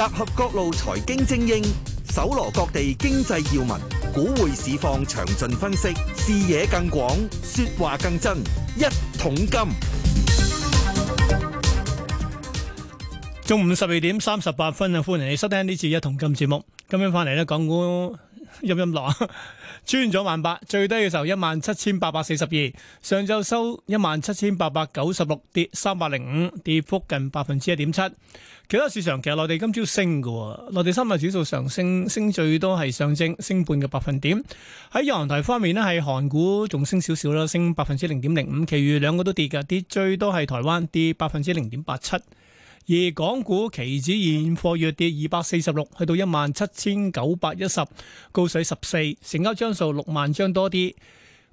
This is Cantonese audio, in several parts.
集合各路財經精英，搜羅各地經濟要聞，股匯市況詳盡分析，視野更廣，說話更真。一桶金，中午十二點三十八分啊！歡迎你收聽呢次一桶金節目。今日翻嚟咧，講股陰陰樂啊？穿咗萬八，最低嘅時候一萬七千八百四十二，上晝收一萬七千八百九十六，跌三百零五，跌幅近百分之一點七。其他市場其實內地今朝升嘅，內地三大指數上升，升最多係上證，升半嘅百分點。喺洋台方面呢係韓股仲升少少啦，升百分之零點零五，其餘兩個都跌嘅，跌最多係台灣跌百分之零點八七。而港股期指現貨約跌二百四十六，去到一萬七千九百一十，高水十四，成交張數六萬張多啲。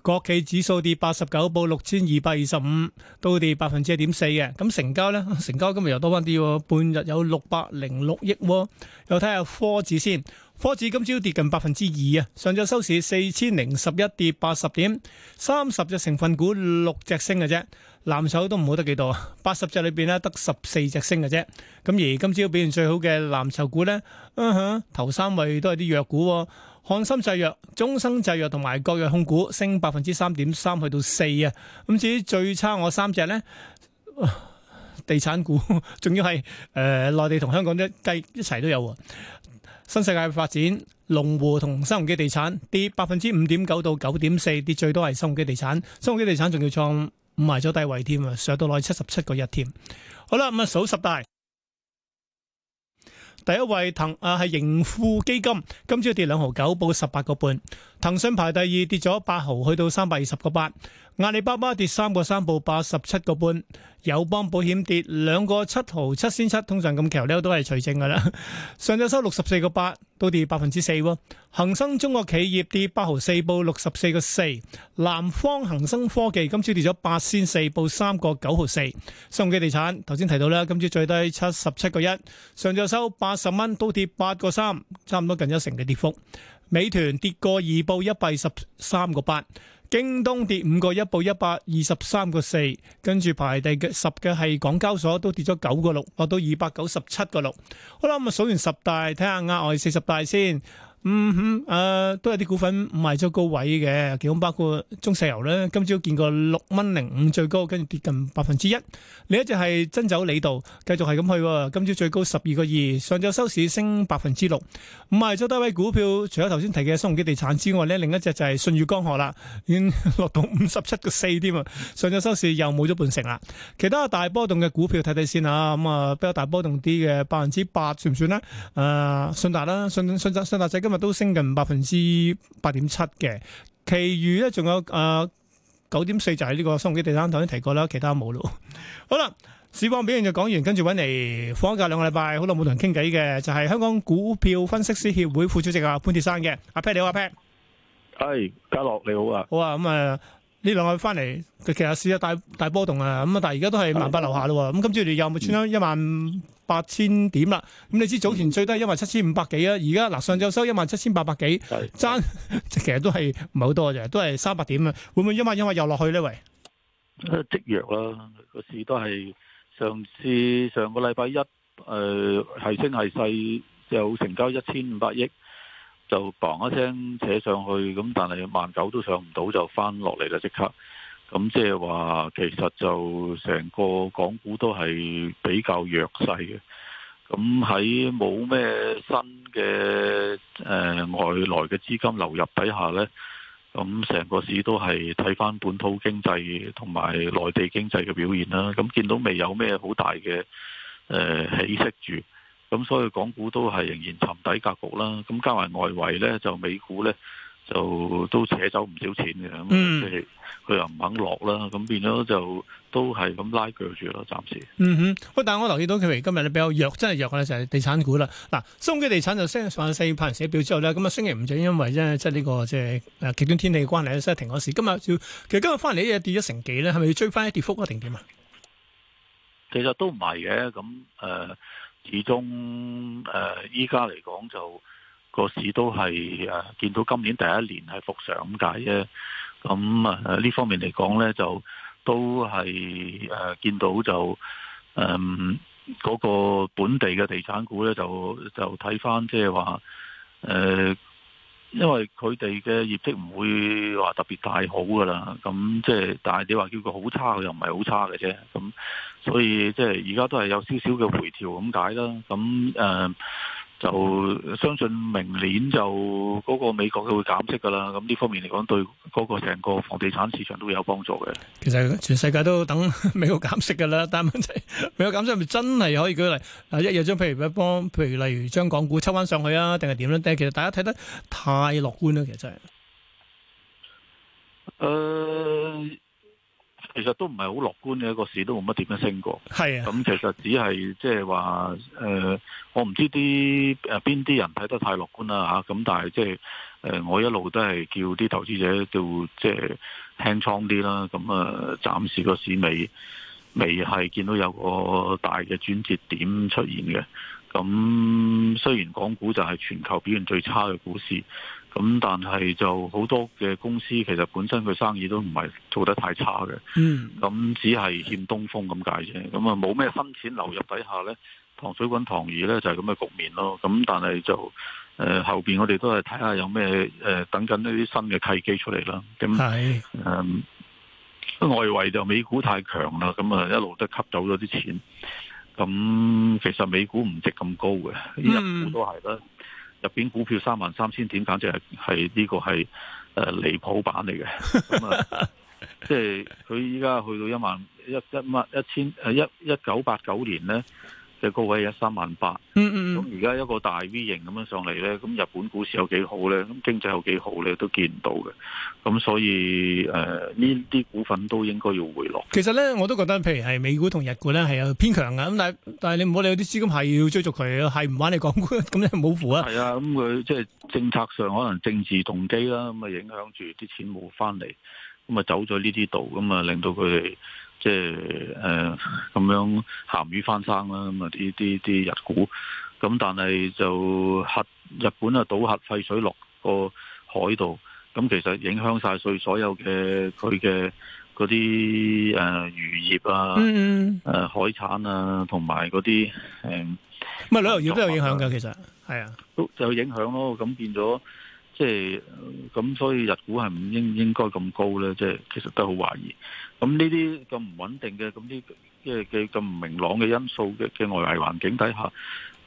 國企指數跌八十九，報六千二百二十五，都跌百分之一點四嘅。咁成交呢，成交今日又多翻啲喎，半日有六百零六億喎。又睇下科指先，科指今朝跌近百分之二啊，上晝收市四千零十一，跌八十點，三十隻成分股六隻升嘅啫。藍籌都唔好得幾多啊，八十隻裏邊咧得十四隻升嘅啫。咁而今朝表現最好嘅藍籌股咧，頭三位都係啲藥股，漢森製藥、中生製藥同埋國藥控股升百分之三點三，去到四啊。咁至於最差我三隻咧，地產股仲要係誒內地同香港一計一齊都有。新世界發展、龍湖同新鴻基地產跌百分之五點九到九點四，跌最多係新鴻基地產，新鴻基地產仲要創。唔埋咗低位添啊，上到嚟七十七個一添。好啦，咁啊，數十大，第一位騰啊，係盈富基金，今朝跌兩毫九，報十八個半。騰訊排第二，跌咗八毫，去到三百二十個八。阿里巴巴跌三個三報八十七個半，友邦保險跌兩個七毫七千七，通常咁橋呢都係隨正噶啦。上晝收六十四個八，都跌百分之四喎。恒生中國企業跌八毫四報六十四個四，南方恒生科技今朝跌咗八千四報三個九毫四。新鴻基地產頭先提到啦，今朝最低七十七個一，上晝收八十蚊，都跌八個三，差唔多近一成嘅跌幅。美團跌過二報一百十三個八。京東跌五個一報一百二十三個四，跟住排第嘅十嘅係港交所，都跌咗九個六，落到二百九十七個六。好啦，咁啊數完十大，睇下額外四十大先。嗯哼，誒都有啲股份賣咗高位嘅，其中包括中石油咧。今朝見過六蚊零五最高，跟住跌近百分之一。另一隻係真走理道，繼續係咁去。今朝最高十二個二，上晝收市升百分之六。賣咗低位股票，除咗頭先提嘅新鴻基地產之外咧，另一隻就係信譽江河啦，已經落到五十七個四添啊！上晝收市又冇咗半成啦。其他大波動嘅股票睇睇先啊，咁啊比較大波動啲嘅百分之八算唔算咧？誒信達啦，信信信達仔今日，都升近百分之八點七嘅，其餘咧仲有誒九點四就喺、是、呢個松基地產頭先提過啦，其他冇咯。好啦，市況表現就講完，跟住搵嚟放假兩個禮拜，好耐冇同人傾偈嘅，就係、是、香港股票分析師協會副主席啊潘鐵珊嘅阿 Pat 你好阿 Pat，係嘉樂你好啊，好啊咁啊呢兩位翻嚟佢其實市啊大大波動啊，咁啊但係而家都係萬八樓下咯，咁跟住，你又冇穿咗一萬。嗯八千點啦，咁你知早前最低一萬七千五百幾啊，而家嗱上晝收一萬七千八百幾，爭其實都係唔係好多嘅，都係三百點啊，會唔會因為因為又落去呢？喂，積弱啦，個市都係上次上個禮拜一，誒係升係勢，有成交一千五百億，就嘣一聲扯上去，咁但係萬九都上唔到就翻落嚟啦，即刻。咁即係話，其實就成個港股都係比較弱勢嘅。咁喺冇咩新嘅誒、呃、外來嘅資金流入底下呢，咁成個市都係睇返本土經濟同埋內地經濟嘅表現啦。咁見到未有咩好大嘅誒、呃、起色住，咁所以港股都係仍然沉底格局啦。咁加埋外圍呢，就美股呢。就都扯走唔少錢嘅咁，即係佢又唔肯落啦，咁變咗就都係咁拉鋸住咯，暫時。嗯哼，喂，但我留意到佢哋今日咧比較弱，真係弱咧就係地產股啦。嗱，中基地產就升上咗四派人寫表之後咧，咁啊星期五就因為即係、這、呢個即係、這、極、個、端天氣關係咧，即係停咗市。今日要，其實今日翻嚟呢嘢跌咗成幾咧，係咪要追翻一跌幅定點啊？其實都唔係嘅，咁誒、呃，始終誒依家嚟講就。個市都係誒見到今年第一年係復常咁解啫，咁啊呢方面嚟講呢，就都係誒見到就嗯嗰個本地嘅地產股呢，就就睇返即係話誒，因為佢哋嘅業績唔會話特別大好㗎喇，咁即係但係你話叫佢好差，不是很差，佢又唔係好差嘅啫，咁所以即係而家都係有少少嘅回調咁解啦，咁誒。呃就相信明年就嗰個美國佢會減息噶啦，咁呢方面嚟講，對嗰個成個房地產市場都會有幫助嘅。其實全世界都等美國減息噶啦，但係問題美國減息係咪真係可以舉例？啊，一日將譬如一幫譬如例如將港股抽翻上去啊，定係點咧？但係其實大家睇得太樂觀啦，其實真係。誒、uh。其實都唔係好樂觀嘅一個市，都冇乜點樣升過。係啊的，咁其實只係即係話，誒、呃，我唔知啲誒邊啲人睇得太樂觀啦嚇。咁、啊、但係即係誒，我一路都係叫啲投資者叫即係、就是、輕倉啲啦。咁啊，暫時個市未未係見到有個大嘅轉折點出現嘅。咁、啊、雖然港股就係全球表現最差嘅股市。咁但係就好多嘅公司，其實本身佢生意都唔係做得太差嘅。嗯。咁只係欠東風咁解啫。咁啊，冇咩新錢流入底下咧，糖水滾糖魚咧就係咁嘅局面咯。咁但係就誒、呃、後邊我哋都係睇下有咩誒、呃、等緊呢啲新嘅契機出嚟啦。咁係。是嗯，外圍就美股太強啦，咁啊一路都吸走咗啲錢。咁其實美股唔值咁高嘅，日股都係啦。嗯入邊股票三萬三千點，簡直係係呢個係誒離譜版嚟嘅。咁啊，即係佢依家去到一萬一一萬一千誒，一一九八九年咧。嘅高位一三萬八，咁而家一個大 V 型咁樣上嚟咧，咁日本股市有幾好咧？咁經濟有幾好咧？都見唔到嘅，咁所以誒，呢、呃、啲股份都應該要回落。其實咧，我都覺得，譬如係美股同日股咧係有偏強嘅，咁但係但係你唔好理，有啲資金係要追逐佢，係唔玩你港股，咁你冇符啊。係啊，咁、嗯、佢即係政策上可能政治動機啦，咁啊影響住啲錢冇翻嚟。咁啊走咗呢啲度，咁啊令到佢哋即係誒咁樣鹹魚翻生啦，咁啊啲啲啲日股，咁但係就核日本啊倒核廢水落個海度，咁其實影響晒晒所有嘅佢嘅嗰啲誒漁業啊，嗯誒、嗯呃、海產啊，同埋嗰啲誒，咁啊旅遊業都有影響噶，其實係啊，都就有影響咯，咁變咗。即係咁，所以日股係唔應應該咁高呢。即係其實都好懷疑。咁呢啲咁唔穩定嘅，咁啲即係嘅咁唔明朗嘅因素嘅嘅外圍環境底下，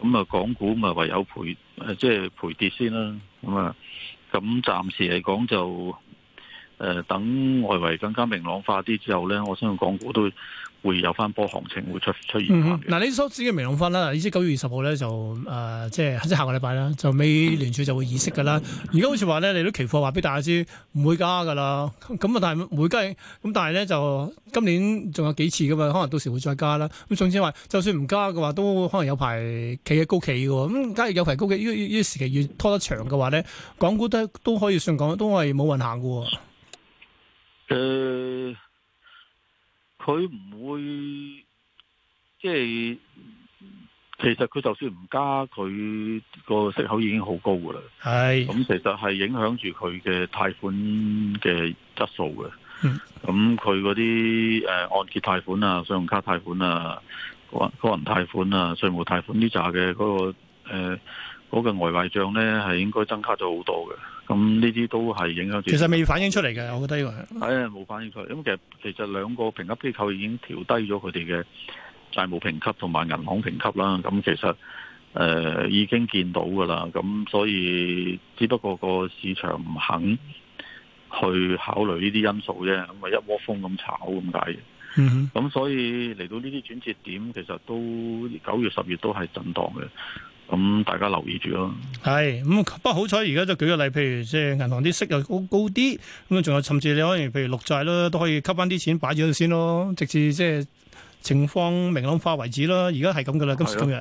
咁啊港股咪唯有賠，即係賠跌先啦。咁啊，咁暫時嚟講就誒等外圍更加明朗化啲之後呢，我相信港股都會。會有翻波行情會出出現嗱、嗯，你所指嘅明朗化啦，意思九月二十號咧，就誒，即係即下個禮拜啦，就美聯儲就會議息嘅啦。而家好似話咧，你都期貨話俾大家知唔會加嘅啦。咁啊，但係唔會加。咁但係咧就今年仲有幾次嘅嘛，可能到時會再加啦。咁總之話，就算唔加嘅話，都可能有排企喺高企嘅。咁假如有排高企，呢依依時期越拖得長嘅話咧，港股都都可以算講都係冇運行嘅。誒、呃。佢唔會即係，其實佢就算唔加，佢個息口已經好高㗎喇。係咁的，其實係影響住佢嘅貸款嘅質素嘅。咁佢嗰啲誒按揭貸款啊、信用卡貸款啊、個個人貸款啊、稅務貸款呢扎嘅嗰個誒。呃嗰個外賣賬咧係應該增加咗好多嘅，咁呢啲都係影響住。其實未反映出嚟嘅，我覺得呢個係。係啊，冇反映出嚟。咁其實其實兩個評級機構已經調低咗佢哋嘅債務評級同埋銀行評級啦。咁其實誒、呃、已經見到噶啦。咁所以只不過個市場唔肯去考慮呢啲因素啫。咁啊一窩蜂咁炒咁解嘅。咁、嗯、哼所以嚟到呢啲轉折點，其實都九月十月都係震盪嘅。咁大家留意住咯。係，咁不過好彩而家就舉個例，譬如即係銀行啲息又高高啲，咁仲有甚至你可能譬如綠債咯，都可以吸翻啲錢擺住佢先咯，直至即係情況明朗化為止咯。而家係咁噶啦，是的今時今日。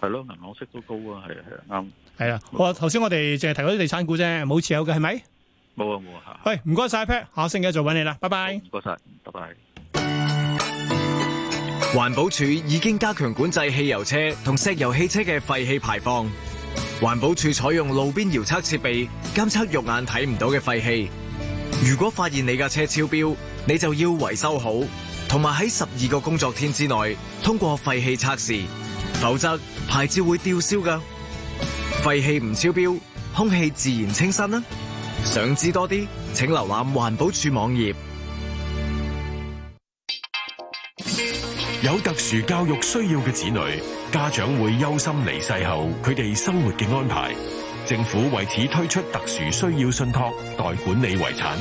係咯，銀行息都高啊，係啊係啊，啱。係啊，好啊，頭先我哋淨係提嗰啲地產股啫，冇持有嘅係咪？冇啊冇啊。喂，唔該晒 Pat，下星期一再搵你啦，拜拜。唔該晒，拜拜。環保署已經加強管制汽油車同石油汽車嘅廢氣排放。環保署採用路邊遙測設備監測肉眼睇唔到嘅廢氣。如果發現你架車超標，你就要維修好，同埋喺十二個工作天之內通過廢氣測試，否則牌照會吊銷㗎。廢氣唔超標，空氣自然清新啦。想知多啲，請瀏覽環保署網頁。有特殊教育需要嘅子女，家長會憂心離世後佢哋生活嘅安排。政府為此推出特殊需要信託代管理遺產，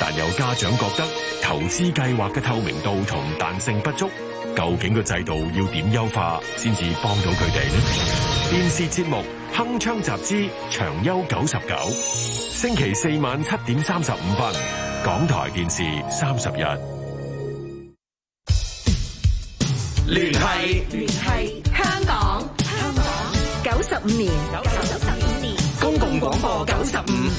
但有家長覺得投資計劃嘅透明度同彈性不足。究竟個制度要點優化先至幫到佢哋呢？電視節目《鏗鏘集資》長休九十九，星期四晚七點三十五分，港台電視三十日。聯繫，聯繫香港，香港九十五年，九十五年公共廣播九十五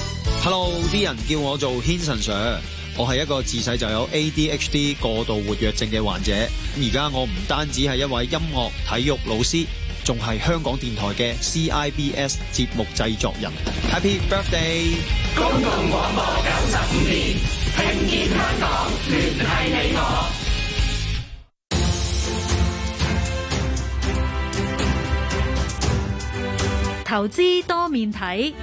，Hello，啲人叫我做 Hanson Sir，我係一個自細就有 ADHD 過度活躍症嘅患者，而家我唔單止係一位音樂體育老師，仲係香港電台嘅 CIBS 節目製作人。Happy Birthday！公共廣播九十五年，聽見香港聯繫你我。投資多面睇。